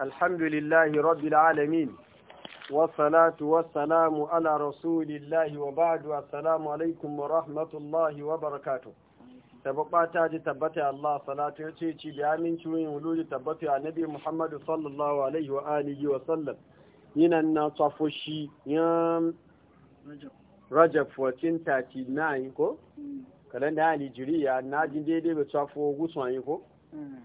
الحمد لله رب العالمين والصلاة والسلام على رسول الله وبعد السلام عليكم ورحمة الله وبركاته tabbata ji tabbata Allah salatu ya ce ci da aminci yin wululi tabbata ya nabi Muhammadu sallallahu alaihi wa alihi yan Rajab 1439 ko kalanda na jin daidai ba tsafo gusuwa ko mm.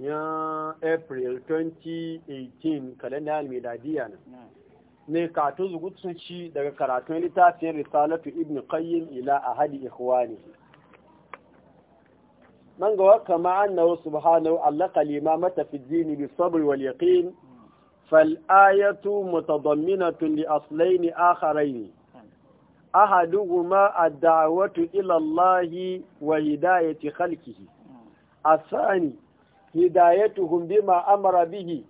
yan april 2018 kalendar miladiya na ne katun zugutunci daga karatun littafin risalatu ibn qayyim ila ahadi ikhwani man ga kama annahu subhanahu kalima mata fi dini bi sabr wal yaqin fal ayatu mutadamminatun li aslayn akharayn ahaduhuma ad-da'watu ila allahi wa hidayati khalqihi asani hidayatuhum bima amara bihi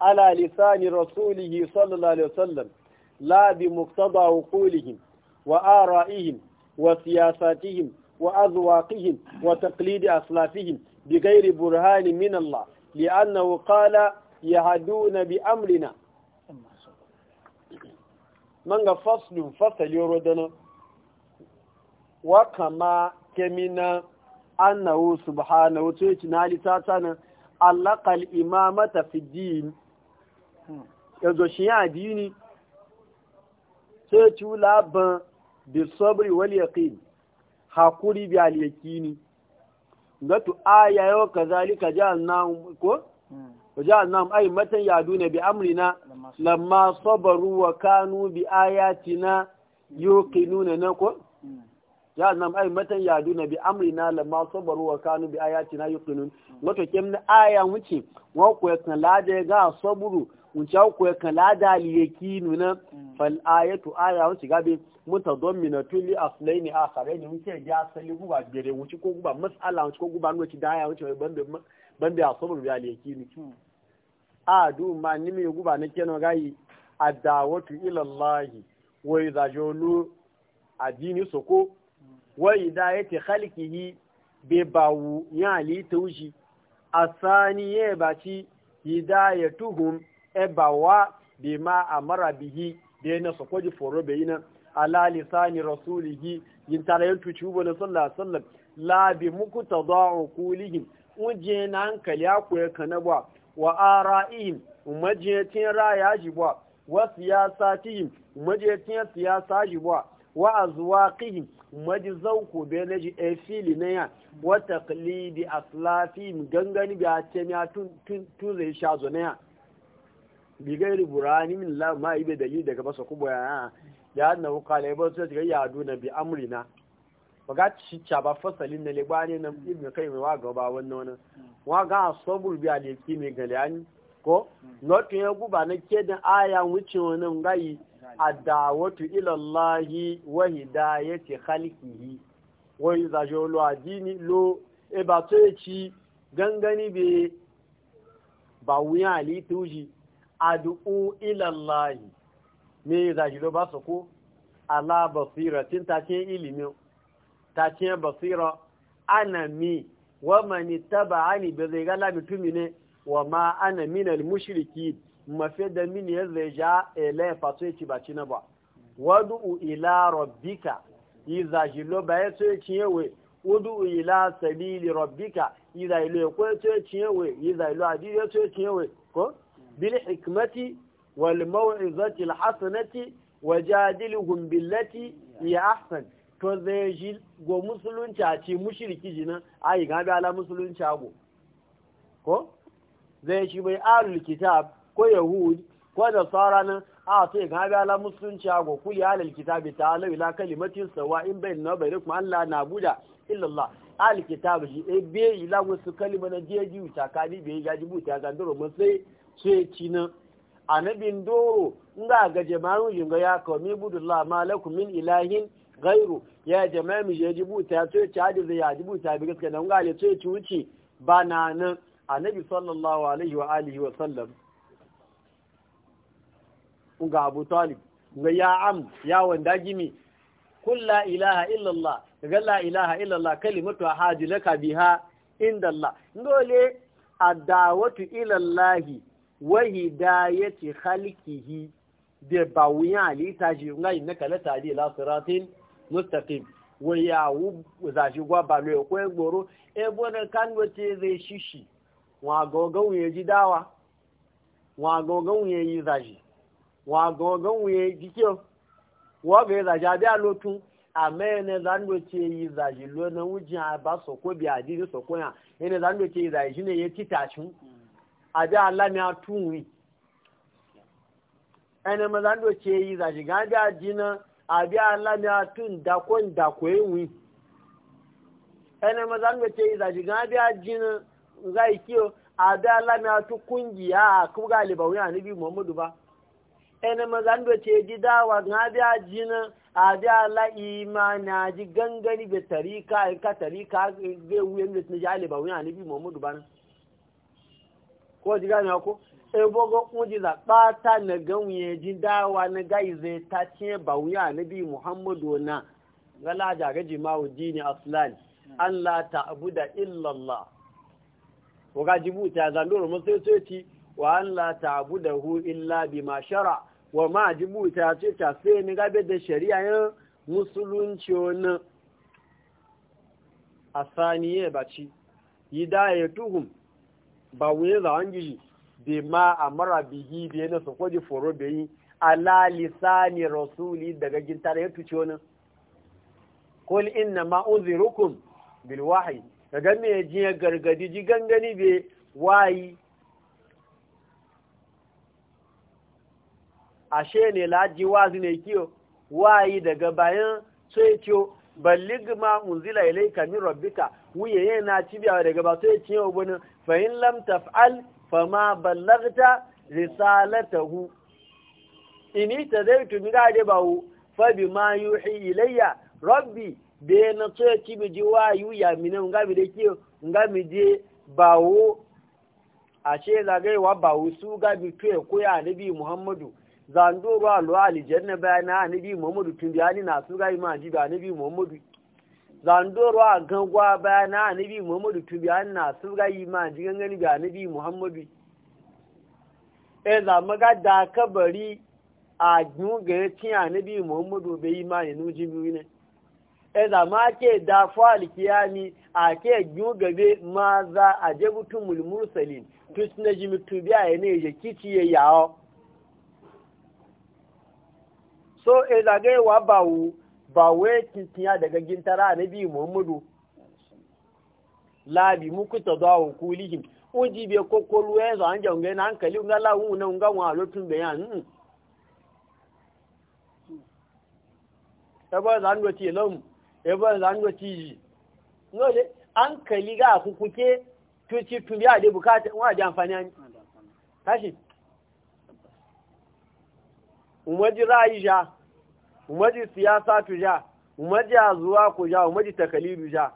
ala lisani rasulihi sallallahu alaihi wasallam la bi muqtada uqulihim wa ara'ihim wa siyasatihim wa azwaqihim wa taqlidi aslafihim bighairi burhanin min Allah li'annahu qala yahduna bi amrina manga faslun fasali rodana wa kama kemina annahu subhanahu wa ta'ala ta allaka al'imamata fi din yanzu shi ya dini sai ci laban da sabri wal yaqin hakuri bi al yaqini gatu aya yau kazalika ja'alna ko وجعلناهم أئمة يعدون بأمرنا لما صبروا وكانوا بآياتنا na نقول ya nan ai matan yadu na bi amrina lamma sabaru wa kanu bi na yuqinun wato kem na aya wuce wa ko kan lada ga saburu wuce ko kan lada liyaki nuna mm. fal ayatu aya wuce bi mutadammina tuli aslaini akharaini wuce ya sali guba gere wuce ko guba mas'ala wuce ko guba wuce da aya wuce bande bande asabaru ya liyaki ni mm. a du ma ni me guba na kenan gayi adawatu ila allah wa idha julu adini soko wa hidayati khalqihi be bawu ya li tawji asani ye baci tuhum e bawa a amara bihi ya na so koji foro be ina ala lisani rasulihi yin tarayen tuci ubo na sallah sallah la bi muqtada kulihin uje na hankali ya kana ba wa ara'ihim umajiyatin raya ba wa ya umajiyatin siyasa ba wa azwaqihim maji zauku be na ji e fili na ya wa taqlidi aslafi gangani bi a ce ya tun tun zai sha zo na ya bi rubura ni min la ma ibe yi daga basa kubo ya ya annahu qala ya bazu ta ya aduna bi ba ga ci ca ba fasalin na bani na ibe kai mai wa gaba wannan wannan wa ga sabul bi aliki mai galani ko hmm. not ya guba na kedan aya wuce nan gayi adawatu ilallahi wa hidayati khalqihi wai yuzajo lo adini lo e ba to e ci gangani be ba wuya ali tuji ad'u ilallahi me zaji lo ba soko ala basira tin ta ce ilimi ta ce basira ana mi wa man ittaba'ani bi zai gala mutumi ne wa ma ana minal mushrikin mafe da mini ya zai ja ele fato ya ci ba ci na ba wadu ila rabbika iza jilo ba ya so ya ci yawe wadu ila sabili rabbika iza ilo ya kwa so ya ci yi iza ilo adi ya so ya ci yawe ko bil hikmati wal maw'izati al hasanati wajadilhum billati ya ahsan to zai ji go musulunci a ce mushriki jinan ayi ga bi ala musulunci ago ko zai shi bai alul kitab ko yahudi ko da tsara nan a to yi. gaba ala musulunci a go kuli alal kitabi la kalimatin in bai na bai Allah na buda illa al kitabi shi e be la wasu kalima na jeji utakali be ga jibu ga mun sai anabin doro ga jama'u yunga ya kawmi budullah malaku min ilahin gairu ya jama'a ya ya wuce ba nan annabi ga abu talib ga ya am ya wanda gimi kun la ilaha illallah ga la ilaha illallah kalimatu haji laka biha inda Allah dole adawatu ilallahi wa hidayati khalqihi da ba wuya alita shi ngai na kala tadi la siratin mustaqim wa ya wu za shi gwa ba lo ko gboro e bona kan wace zai shishi wa gogon ya ji dawa wa gogon ya yi zashi wa gangan wuye jike wa ga ya zaja biya lotun ne yana zando ce yi zaji lo na wujin a ba so ko biya didi so ko ya yana zando ce yi zaji shi ne ya ci tashin a biya alami a tunwi yana e ma zando ce yi zaji ga biya jina a biya alami a tun dakon yi e wi yana e ma zando ce yi zaji ga biya jina ga ikiyo a biya alami a tu kungiya a kuma ga alibawi a nabi muhammadu ba ene mazan do ce ji dawa na biya jina a biya la na ji gangani be tarika in ka tarika be wuyen da tun jali ba e wuyan nabi muhammadu na ko ji gani ko e bogo uji la ta na ganwe ji dawa na gai zai ta ce ba wuyan nabi muhammadu na gala da gaji ma wujini aslan Allah abu illa Allah ko ga jibuta zandoro mun sai sai ci wa Allah hu illa ma shara' wa ma ji ta ce ta sai ni gabe da shari'a yin musulunci wani a saniye ba ci yi ya tuhum ba wuye za an gishi bai ma a mara biyi biye na su kwaji foro yi ala lisani rasuli daga gintara ya tuce wani kul inna ma unzirukum bil wahyi daga me jiya gargadi ji gangani be wayi ashe ne laji wazi ne kiyo wayi daga bayan sai ciyo ballig ma unzila ilayka min rabbika wuye yana cibiya daga ba sai ciyo wani fa in lam taf'al fama ballagta risalatahu ini zai mi gade bawo fa bima yuhi ilayya rabbi be na so ci bi ji wayu ya mine nga bi da kiyo nga mi je bawo ashe ba bawo su ga bi tuye koya nabi muhammadu zando ruwa luwa alijanna na anabi muhammadu tun biyani na su ga ima ji da anabi muhammadu zando ruwa gangwa bayana anabi muhammadu tun biyani na su ga ima ji gangani da anabi muhammadu e za ga da kabari a ga ya ci anabi muhammadu bai yi ma nu ji biyu ne e ma ke da falikiyami a ke be ma za a je mutum mulmursalin tus na jimi tubiya ne ya kici ya yawo so e wa ba wu ba we titiya daga gintara na biyu muhammadu labi muku ta da wa kulihim uji be kokolu e an anje nge na hankali nga la wu na nga wa lotun be yan ebe zan go lom ebe zan go ti no le kali ga ku tuci tun ya de bukata wa da amfani tashi umaji ra'ayi ja umaji siyasa tu ja umaji azuwa ku ja umaji takalidu ja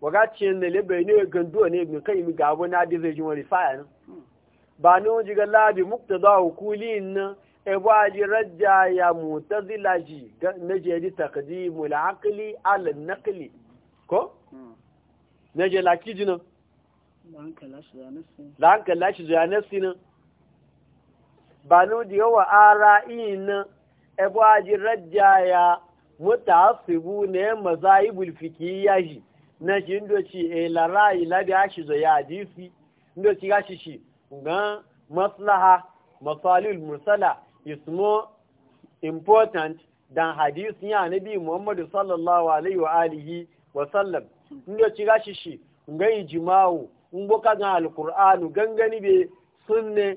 waga cin da lebe ne gando ne bin kai mi gabo na di zai jin wani faya ne ba ni wani ga labi muktada hukuli na e ba aji rajja ya mutazila ji na je di takdimu al-aqli ala naqli ko hmm. na je laki jinan da hankali lashi zuwa nasi ne banu da yawa ara ina ebo aji rajja ya mutasibu ne mazaibul fikiyya shi na shi ndo ci e la rai la da shi zo ya hadisi ndo ci ga shi shi ngan maslaha masalil mursala is more important dan hadisi ya nabi muhammadu sallallahu alaihi wa alihi wa sallam ndo ci ga shi shi ga jima'u in ga alqur'anu gangani be sunne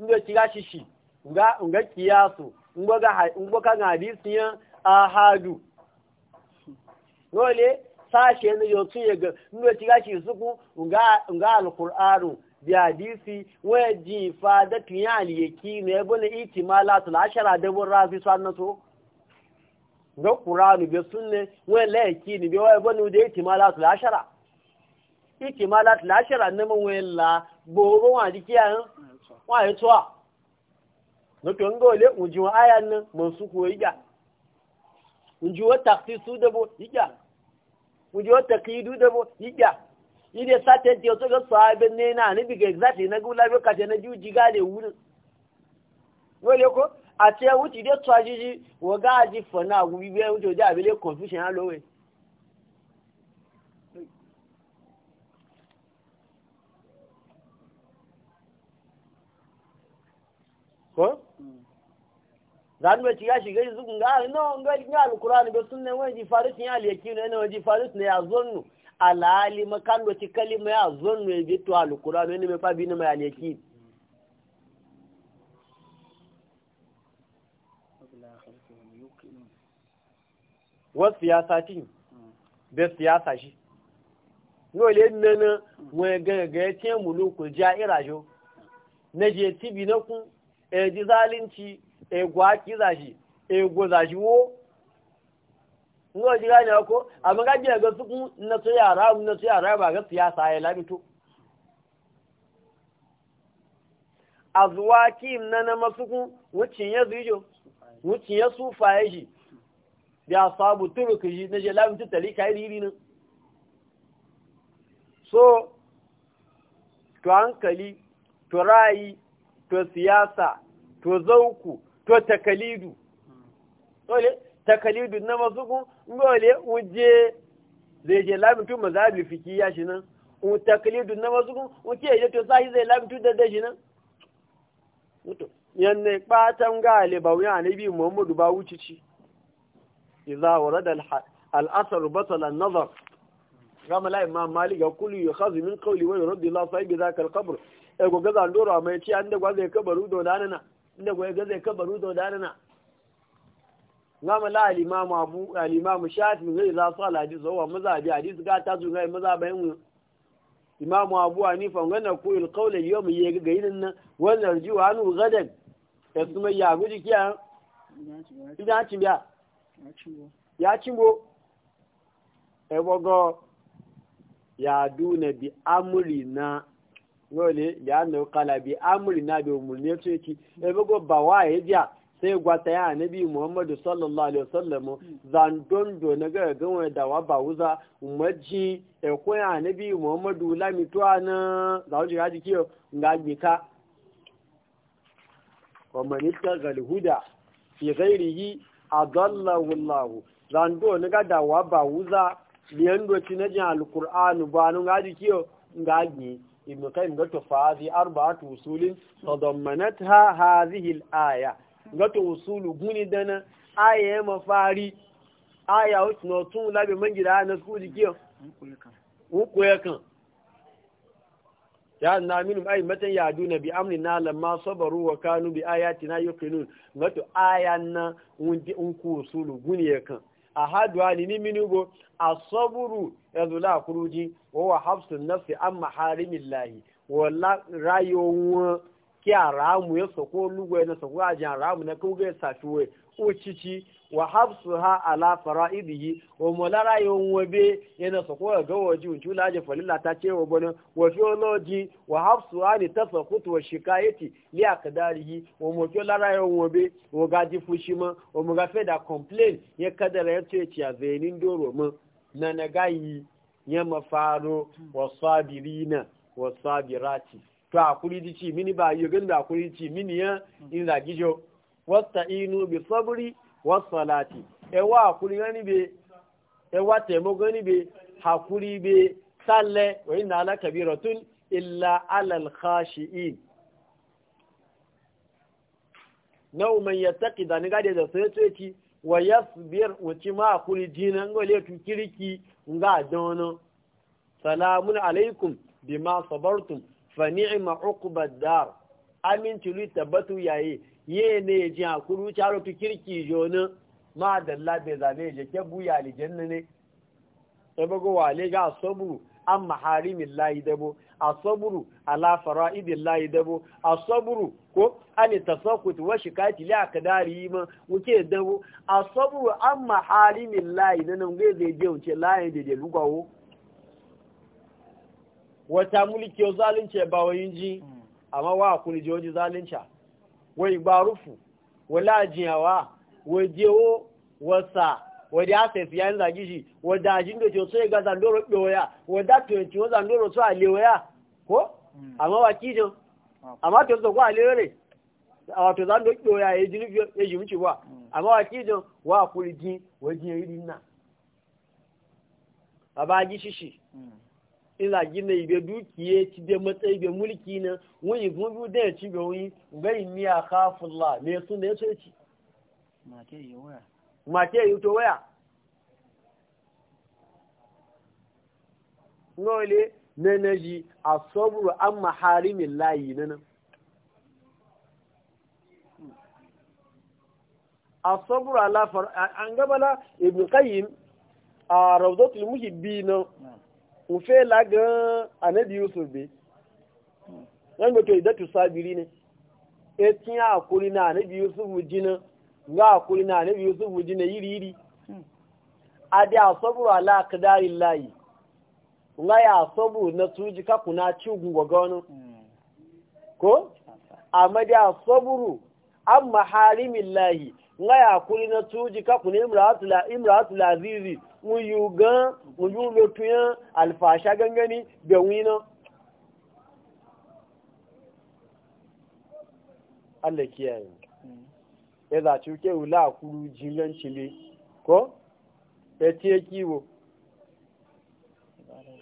ndo kiga shishi nga nga kiyasu ngo ga ngo hadisi ya ahadu nole sashe ne yo tuye ga ndo kiga shi suku nga nga alqur'anu bi hadisi wa ji fa da tiyali yaki ne bune itimalatul ashara da bun rafi sannato ga qur'anu bi sunne wa la yaki ne bi wa bune da itimalatul ashara itimalatul ashara ne mun wa laa. gbogbo wọn àdíkí àrùn wọn àyètò à lókè ń gòlé ǹjù àyà ní mọ̀sùkù ìjà ǹjù ó tàkì sú dẹ́bò ìjà ǹjù ó tàkì ìdú dẹ́bò ìjà ilé sátẹ́ntì ọ̀tọ́ kẹ́ sọ abẹ́ exactly nẹ́gbẹ́ lábẹ́ ti confusion ko hmm. zan mai ya shiga yi kun ga no ga ni ga sunne wani ji faris ne aliyaki ne wani ji faris ne ya zonnu alali makan do kalima ya zonu ya to alqur'ani ne mai hmm. hmm. bi ne mai aliyaki wasu siyasa ti da siyasa shi yau le nana wani gagagaya ce mulu ja irajo na je tibi na kun e ji zalunci e gwaki zashi e go zashi wo ngo ji gane ko amma ga ga su na su yara na su yara ba ga siyasa ya labito azwaki na na masuku wucin ya zujo wucin ya sufa ya shi ya sabu turuki shi na je labito talika iri nan so to hankali to rayi. to siyasa to zauku to takalidu dole takalidu na mazuku dole uje zai je a mazabi fiki ya shi nan un takalidu na mazuku uke je to sai zai labitu da da shi nan mutu yanne tan gale ba wuya nabi muhammadu ba wuce ci. warada al asr batala an nazar kama la imam malik yaqulu yukhaz min qawli wa yurdi la sahibi za al qabr e go gaza ndoro amai ci an da gwa ya kabaru do danana inda go gaza zai kabaru do danana ngama la al-imam abu al-imam shafi zai su sala zo wa maza bi hadisi ga ta zunga maza bayan imam abu hanifa wannan ku il qawl al-yawm ye ga yin nan wannan wa hannu gadan e ya kuma ya guji kiya idan ci biya ya cimbo Ya bogo ya dune bi amuri na dole ya annabi náà bí amrina ní umurni to yake e bago ba wa ya biya sai gwata ya bí muhammadu sallallahu alaihi wasallam zan dondo ga ga ba wuza e muhammadu lami wa zan do na ga ba wuza liyan doci na jin ba nun kiyo ga ibn qayyim gato fa hadhi arba'atu usulin tadammanatha hadhihi al-aya gato usulu guni dana aya mafari aya usno tun labe mangira na su jikiyo mu koya kan ya na minum ay matan ya duna bi amrina lamma sabaru wa kanu bi ayatina yuqinun gato aya na un ku usulu guni ya kan ahadu alimi a asaburu yazula kuruji wa wa hafsun nafsi an maharimillahi wala rayuwa ki aramu ya sako lugo na sako ajin aramu na kuga ya ucici wa habsu ha ala fara'idihi wa mulara yon wabe yana sako ga gawaji wucu laje falilla ta ce wa bana wa fioloji wa habsuha ni tafakut wa shikayati li akdarihi wa mojo lara yon wabe wa gaji fushima wa mu gafe da complain ya kadara ya ce ya zainin doro mu na gayi ya mafaro wa sabirina wa sabirati to akuri dici mini ba yi da akuri dici mini ya in zagijo wasta inu bi sabri wasalati ewa akuri gani be ewa temo gani be hakuri be salle wa inna ala kabiratun illa ala al-khashi'in nau man yattaqi da ni da sai ki wa yasbir wuci ma dina ngo le tu kiriki nga dono salamun alaikum bima sabartum fa ni'ma ad dar amin tuli tabatu yayi ye ne ji hakuru caro fi kirki jonin ma da labe zane je ke buya alijen ne sai e bago wale ga asaburu an maharimin layi dabo asaburu ala fara'idin layi dabo asaburu ko ani tasakut wa shikati li yi ma wuce dabo asaburu an maharimin layi nan ngai zai je wuce layi da da lugawo wata mulki zalunce ba wayin ji mm. amma wa kuni joji zalunca wai barufu wala jiyawa wajewo wasa wadi asesi ya nza gishi wadda ajin da ce sai ga zandoro doya wadda to yanci wa zandoro su a lewaya ko mm. amma wa kijin amma to so ko a a wato zandoro doya ya ya wa mm. amma wa wa yi na baba shi mm. ila gina ibe dukiye ci da matsayi be mulki na wani gudu da ya ci ga wani bai miya kafinla me sun da ya so ci mace yi to waya nole na naji a saburu an maharimin layi na nan a saburu alafar an gabala ibn qayyim a rawdatul muhibbi na ufe lagan anabi yusuf be nan ga to idatu sabiri ne e akuri na anabi yusuf jina nga akuri na anabi yusuf jina yiri yiri hmm. adi asaburu ala akadari layi nga ya asaburu na tuji kaku na cigun gwagwano hmm. ko amma di asaburu an maharimin layi nga ya akuri na tuji kaku na imratul azizi wuyu gan wuyu lotuyan alfasha gangani da wina Allah kiyaye ya hmm. zaci ke wula a kuru jingan chile ko ya ce kiwo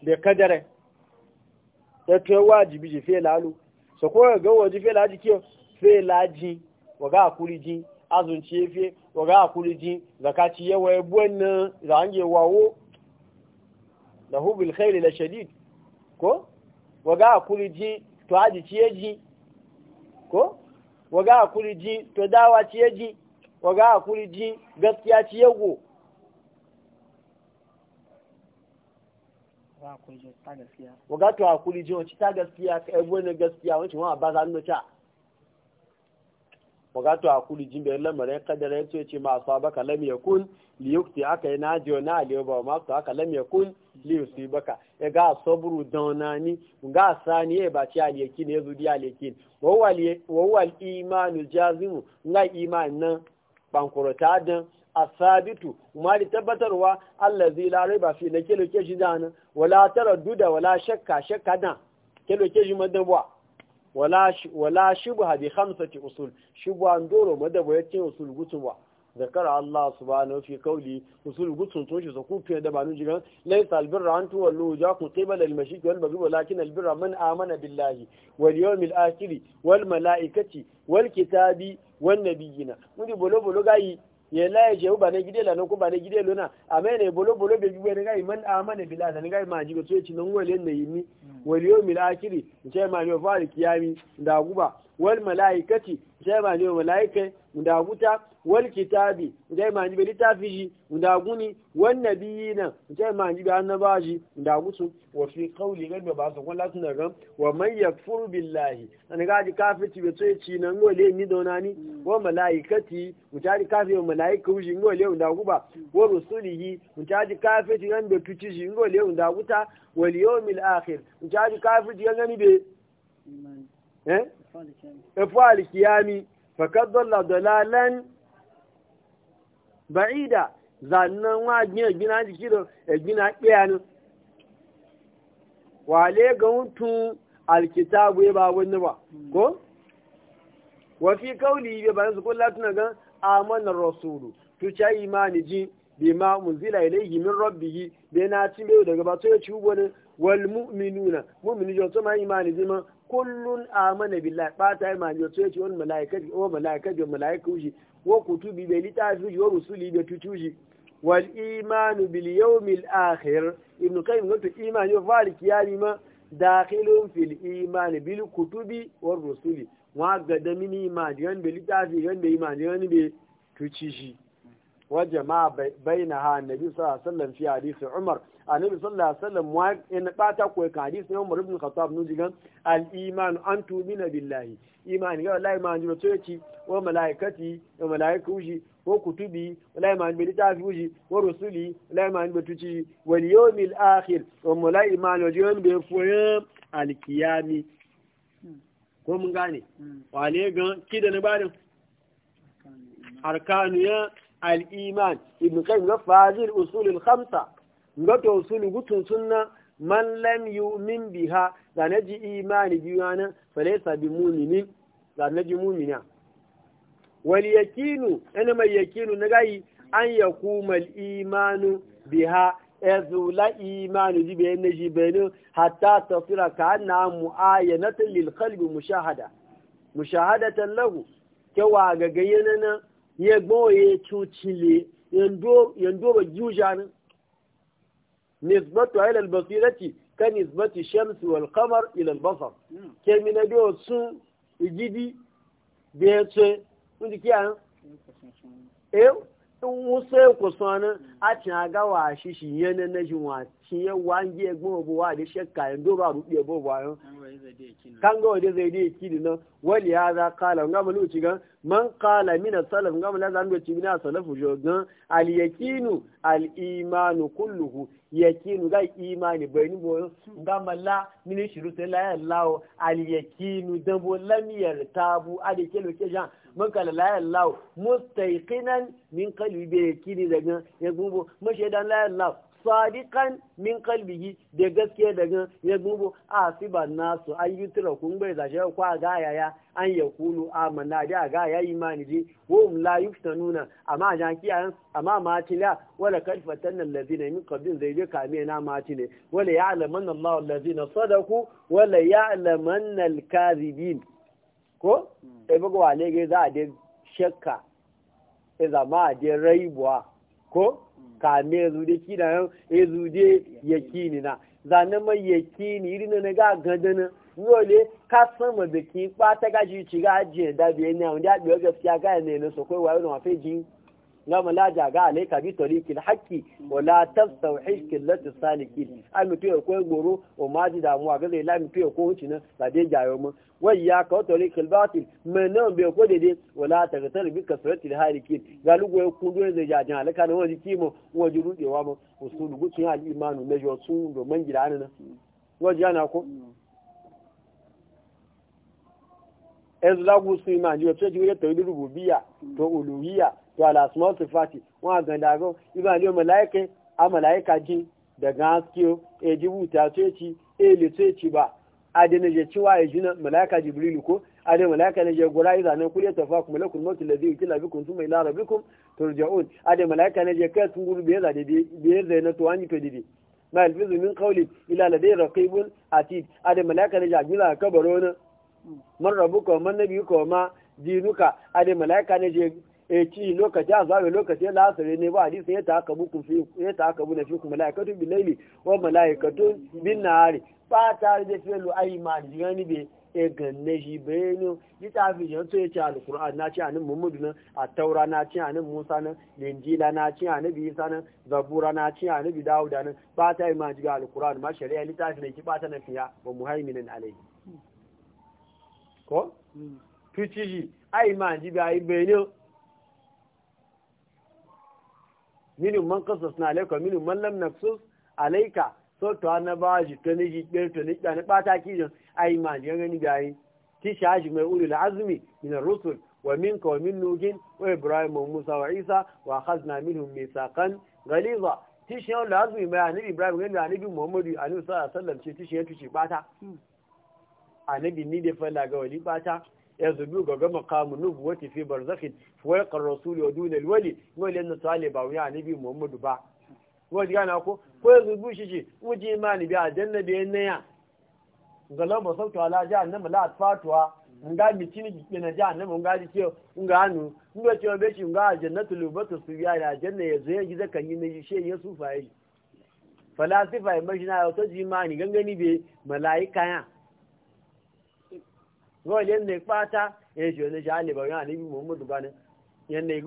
da kadare ya tuye wajibi ji fe lalu so ko ga wajibi fe laji kiyo fe laji wa ga kuri jin azun ci efe waga akuri ji zakaci yawa ya an zange wawo da hubil khairi la shadid ko waga akuri jin to haji ci yaji ko waga akuri jin to dawa ci yaji waga akuri jin gaskiya ci yago waga to akuri jin wanci ta gaskiya ka eh, na gaskiya wancin wa ba za nuna ca bogato a kuli jimbe lamarin kadara ya ce ma masu abaka ka ya kun liyukti aka yi na jiyo na aliyu ba masu aka lam ya kun liyusi baka ya ga saburu ni ga sani ya e ba ci aliyaki ne ya zuri aliyaki wawal imanu jazimu na iman nan bankurata dan sabitu kuma da tabbatarwa allah zai lare ba fi na kilo ke shi dana wala tara duda wala shakka shakka dan kilo ke shi madan wala shubha bi khamsati usul shubha ndoro madaba yace usul gutuba zakara Allah subhanahu fi qawli usul gutun to shi zaku da banu jigan laysa albirra an tuwallu wujakum qibala al-mashriq wal maghrib walakin albirra man amana billahi wal yawmil akhir wal malaikati wal kitabi wan nabiyina mudi bolo bolo gayi ya la ya je ba ne gide la no ko ba ne gide lona amma ne bolo bolo be gbe ne gai man amana bila da ne gai ma ji go ce nan wale ne yimi hmm. wal yawmil akhir ce ma ne fa kiyami da guba wal malaikati ce ma ne malaika da guta wal kitabi da ma ni bi litafi ji da guni wan nabiyina da ma ni bi annaba da gusu wa fi qawli gan ba su kun lasu na gan wa man yakfur billahi an ga ji kafiti be tsaye ci nan gole ni donani wa malaikati mutari kafi wa malaika wuji gole nda guba wa rusulihi mutaji kafiti nan be tuci ji gole nda guta wal yawmil akhir mutaji kafiti gan ni be eh efu alikiyami fakad dalla dalalan ba'ida zannan wa gina gina jiki da egbin na kiya ni wale ga hutun alkitabu ya ba wani ba ko wafi kauli bai bayan su kula tuna gan amana rasulu tuca imani ji bi ma munzila ilayhi min rabbihi bai na cin bai daga ba to ya ci wani wal mu'minuna mu'minu jo to ma imani ji ma kullun amana billahi ba ta imani jo to ya ci wani malaika o malaika jo malaika وكتب بليتاج ورسول بتوجي والإيمان باليوم الآخر ابن القيم قلت إيمان يفارق يالما داخل في الإيمان بالكتب والرسول وقد من إيمان يان بليتاج يان بإيمان يان بتوجي وجمع بينها النبي صلى الله عليه وسلم في حديث عمر annabi sallallahu alaihi wasallam wa in bata ko ka hadisi ne Umar ibn Khattab nu digan al iman an tu'mina billahi imani ga wallahi ma anjiro toci wa malaikati wa malaikuji wa kutubi wallahi ma anjiro tafuji wa rusuli wallahi ma anjiro tuci wal yawmil akhir wa al qiyami ko mun gane hmm. wale gan kida ne arkanu ya al iman ibn qayyim ga fazil usul al khamsa ngato sulu gutun sunna man lam yu'min biha da naji imani biyana falaysa bi mu'minin da naji mu'mina wal yakinu ana mai yakinu nagai an yakuma al imanu biha la imanu ji naji bayan hatta tasira ka anna mu'ayanatan lil qalbi mushahada mushahadatan lahu kewa ga gayyanan ya gboye cucile yando yando ba jujanin nisbatu ila al ka nisbati shamsi wal qamar ila albasar ke mi na biyo igidi be ce mun in wuse nwụsọ a achị agawa wa shi shi yana na shi wa ya ndị egbe ọbụwa adị shekka ndoro arụkpi ebe ọbụwa yau kan ga wade zai dai kiri na wali ya za kala nga mali uci gan man kala mina salaf nga mali za ndoci mina salafu jo gan al yakinu al imanu kulluhu yakinu ga imani bayni bo nga mala mini shiru sai la ya lawo al yakinu dan bo lamiyar tabu ade kelo jan. man kala la ilaha mustayqinan min qalbi kini daga ya gubo mashaidan la ilaha sadiqan min qalbihi da gaskiya daga ya gubo a siba nasu an yutura kun bai zashe ku a ga yaya an ya kulu amana da ga ya mani ji wa hum la amma jaki an amma matila wala kad fatanna allazina min qablin zai je kame na matile wala ya'lamanna allah allazina sadaku wala ya'lamanna al ko hmm. sai buga wale ga za a dai shakka sai zama a dai raibuwa ko hmm. kame zude kina yau e zude yakini na zanen mai yakini irin na ga gadana dole ka sama da ki ba ta gaji ci ga ajiye da biyan ne wanda ya biyo gaskiya ga ne na so kai wayo na mafi jin gama la jaga alaika bi tariqil haqqi wa la tastawhish qillatu salikin ai mutu ya koyi goro o ma ji damuwa ga zai la mutu ya koyi cinan ba dai jayo mu wai ya ka tariqil batil mai nan bai ko daidai wa la tagtar bi da halikin ga lugo ya zai da wani kimo waje rudewa mu usul gutun al imanu na jo sun do man gida nan waje yana ko to ala small sifati wọn aganda gan ibà ní a amọláìka jí daga haskiyo eji wuta tó ci ele tó ci ba adinaje cewa eji na malaika jibrilu ko ade malaika ne je gura iza ne kule tafa kuma lakum mautu ladhi yukila bikum thumma ila rabbikum turja'un ade malaika ne je kai sun guru biye da biye da na to anyi to didi ma alfizu min qawli ila ladhi raqibun atid ade malaika ne je agila kabaro na man rabbuka man nabiyuka ma dinuka ade malaika ne je e ci lokaci a zaɓe lokaci ya lasare ne ba hadisi ya taka muku fi ya taka bu na fi kuma malaikatu bi laili wa malaikatu bin nahari ba ta da fi lu ai ma jigani be e ganne shi ji litafi yan to ya ci alquran na ci anin muhammadu nan at-taura na ci anin musa nan linjila na ci annabi isa nan zabura na ci annabi dawud nan ba ta ma jiga alquran ma shari'a litafi ne ki ba ta na fiya wa muhaiminan alai ko tuci hmm. ai ma jiga ai bayanu minun man na alaika minun man lam naqsus alaika so to annabaji to ni ji ɗaya to ne ɗani ɓata kijin ai ma ji gani gayi ti shaji mai ulul azmi min ar-rusul wa ka wa min nugin wa ibrahim wa musa wa isa wa khazna minhum mithaqan ghaliza ti shi ulul azmi mai annabi ibrahim gani annabi muhammadu annabi sallallahu alaihi wasallam ce ti shi ya tuce ɓata hmm. anabi ni da falla ga wali ɓata يزبيو غا مقام النبوة في برزخ فوق الرسول ودون الولي ولأن طالبا يعني نبي محمد با wani gana ko ko ya zubu shi ce wuce imani biya a janna biyan na ya galar ba sautu ala ji annama la fatuwa in ga mici ni gbe na ji annama in ga ji ce in ga hannu in ga cewa bai shi in ga a jannatu su biya da janna ya zo ya gizo kan yi na shi ya yi falasifa ya mashi ya wata ji imani gangani bai mala'ika ya wọ́n yẹn lè pátá èjò ní ṣe alẹ́ bọ̀rọ̀ àníbí muhammadu bani yẹn rẹ̀ àti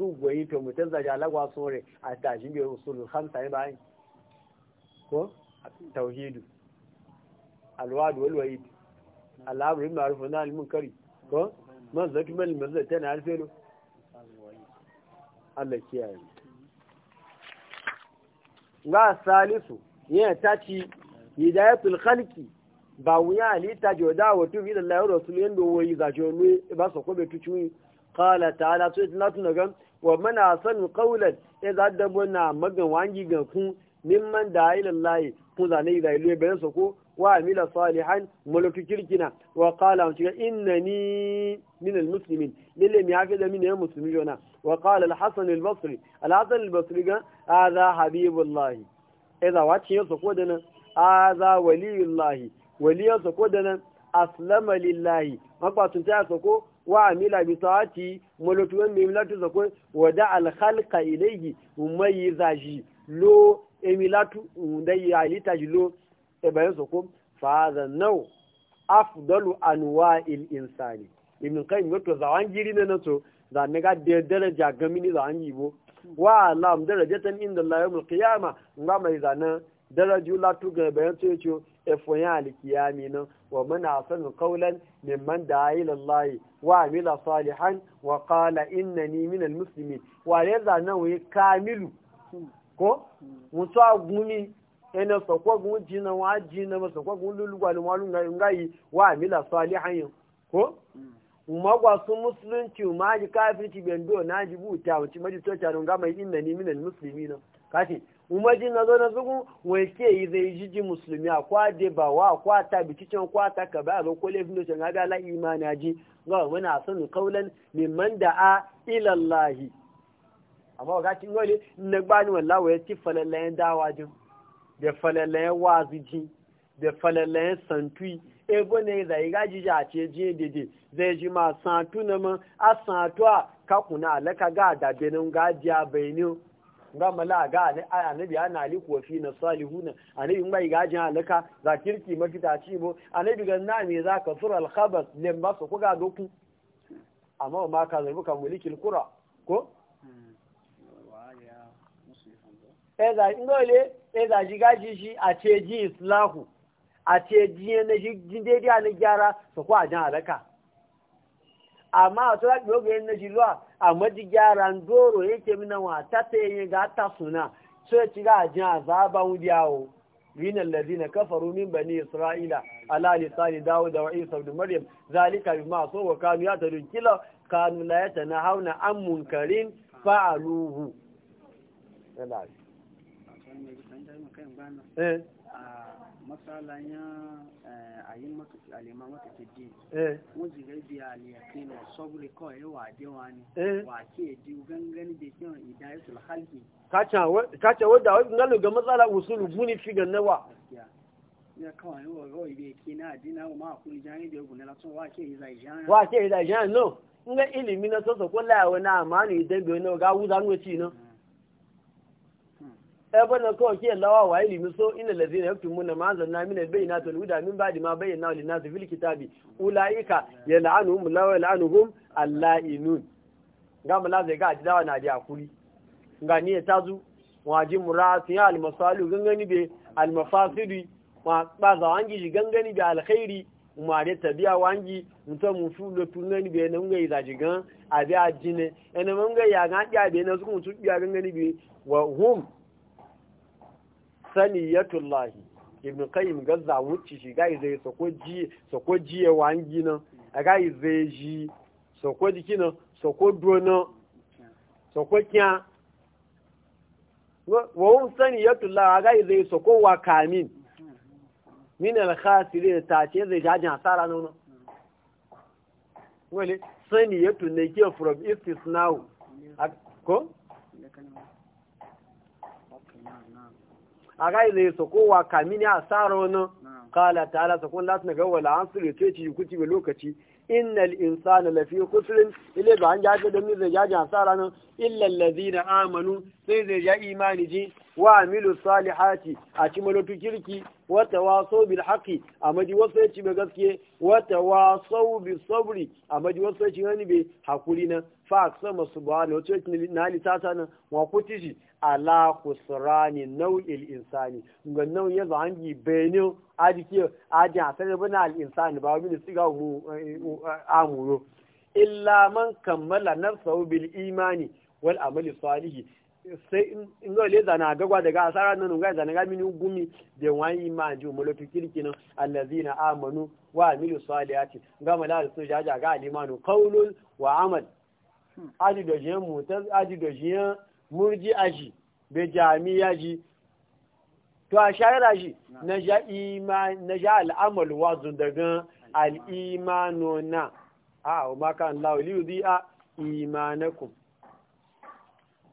hamsa ní báyìí kó tauhidu alwadu olwaid al'amru ibn ma'ruf na al munkari ko manzatu mal manzatu na Allah ga salisu yana taci hidayatul khalqi ba wuya halitta jo da wa tu bi da Allah rasul yan do wai za jo ne ba so ko be tu ci qala ta'ala so na tun ga wa man asan qawlan idza dabuna magan wangi ga ku mimman da ila Allah ku za ne da ile ba so ko wa amila salihan mulki kirkina wa qala an tuga innani min almuslimin lille mi hafi da min ya muslimi jona wa qala alhasan albasri alhasan albasri ga hadha habibullah idza e wacin so ko da nan hadha waliyullah waliyan sako da nan aslama lillahi makwatun ta sako wa amila bi sa'ati mulutuwan mai milatu sako wa da alhalka ilaihi mai zaji lo emilatu da alita ji lo ebayin sako fa nau afdalu anwa'il insani ibn qayyim wato zawan giri ne nato da ne ga da daraja ga mini yi yibo wa ta darajatan inda Allah yawmul qiyama nga mai zana daraju la tu ga bayan to efoyan alkiyami nan wa muna sanu kaulan mimman da yi lallahi wa amila salihan wa qala ni min almuslimin wa ne zanen wai kamilu ko mutu aguni ene sokwagun jina wa jina ma sokwagun lulugwa ni walu ngai wa amila salihan yo ko umagwa sun musulunci umaji kafirci bendo na jibuta wuce majitoci a runga mai innani min almuslimin kashi umaji na zo na zugun wai ke yi zai jiji musulmi a de ba wa kwata bikicin kwata ka ba a zo kole fi nocin haɗa ala imani ji ga wani a sanu kaulan um mimman da a ilallahi amma wa gacin gole na gbani wallawa ya ci falallayen dawajin da falallayen waziji da falallayen santui ebo ne zai e gaji a ce je dede zai ji ma santu na ma a santu a ah, kakuna alaka ga dabenin gajiya bai ne nga mala ga ne annabi ana ali ko fi na salihuna annabi mai ga halaka alaka za kirki mafita ci bo annabi ga na me za ka sura al khabar ne ba ko ga e doku amma ma ka zai buka mulikil qura ko eh da ngole eh da ji gaji shi a ce ji islahu a ce ji ne ji daidai ne gyara su ko a jan alaka amma a da dogo ne ji lo a ji gyaran doro yake mina wata ta yi ga ta suna so ci ga jin azaba wudiyawo min alladhina kafaru min bani isra'ila ala lisani dawo da isa saudi maryam zalika bi maso wa kanu ya tarin kila kanu la hauna an munkarin fa'aluhu Masala ya eh, a yi maka alima maka kejì wọ́n zai bi aliyakin na sọ́gbùrì kọ́ ẹ̀ wà dé wa ni eh. wà kí è di gangan da kyan idayi sulhalki kacha wadda wadda ngalo ga masala usulu muni figan na wa ya kawai wa ga ibe ke na adina wa ma kuli jani da yau na latsun wa ke izai jani wa ke izai jani no nga ilimi na sosa ko lawa na ni idan bi wani ga wuzan wuci no ɗaya na kawai ke lawa wa yi limiso ina lazina na fimu na ma'azan na minar bai na tolu huda min badi ma bayyana wa linasu fil kitabi ula'ika ya la'anu hum lawa la'anu hum alla'inun ga mu lazai ga ajidawa na da akuri. ga ni ya tazu ta zu waji muratu ya almasalu gangani be almafasidi ma ba za wangi ji gangani be alkhairi ma da tabiya wangi mutum mu fu da tungani be nan ga iza gan abi ajine ene mun ga ya ga ya be na su mutu ya gangani be wa hum saniyatullahi ibn qayyim ga zawuci shi ga zai sokoji sokoji ya wangi nan ga zai ji sokoji kina sokodo na sokokiya wa hum saniyatullahi ga zai sokowa kamin min al-khasirin ta ce zai jajin asara nan wale saniyatu ne ke from istisna'u ko a gai zai su kowa kamini a tsara wani kala ta ala sakon lati na gawa an su rece ci kuti bai lokaci innal insana lafi kusurin ile ba an jaje don zai ja a tsara nan illal amanu sai zai ja imani ji wa amilu salihati a ci malotu kirki wata waso bil haqi a maji wasu ya ci gaske wata waso bil sabri a maji wasu ya ci hannu bai hakuri na fa sama subhanahu wa ta'ala na lissata nan wa kutishi ala kusurani nau'il insani ga nau'in yanzu an yi benin adiki a sanar bana al'insani ba wani siga amuro illa man kammala nafsahu bil imani wal amali salihi sai in ga leza na gagwa daga asara nan ga zana ga mini gumi da wani imanji kirki nan allazina amanu wa amili salihati ga malar su jaja ga alimanu qaulun wa amal hmm. adi dojiyan mutaz adi dojiyan murji aji be jami'a shi to a shayar aji na ja na ja al'amal wazun daga al’imano na a wa maka Allah li a imanakum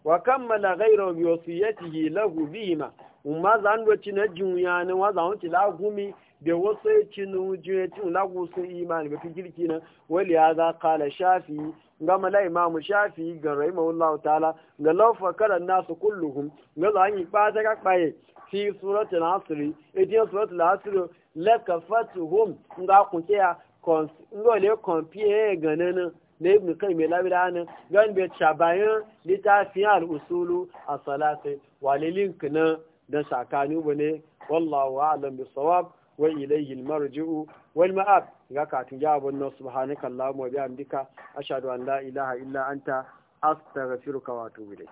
wa kammala ghayra bi wasiyatihi lahu bima umma zan do cin junya ne wa zan ci lagumi da wasu cin junya cin lagu sun imani mafi kirki na wali za kala shafi ga mala imam shafi ga rahimahullahu ta'ala ga laufa karan nasu kulluhum ga zan yi bata ga kwaye fi suratul asri e idan suratul asri la kafatuhum ga kunke ya ngole compare ganin le ibn kai mai labira nan gan bai cabayin littafin al'usulu a salatai wale link na da sakani bane wallahu alam bis sawab wa ilayhi al marji'u wal ma'ab ga tun ya abun nan subhanakallahumma wa bihamdika ashhadu an la ilaha illa anta astaghfiruka wa atubu ilayk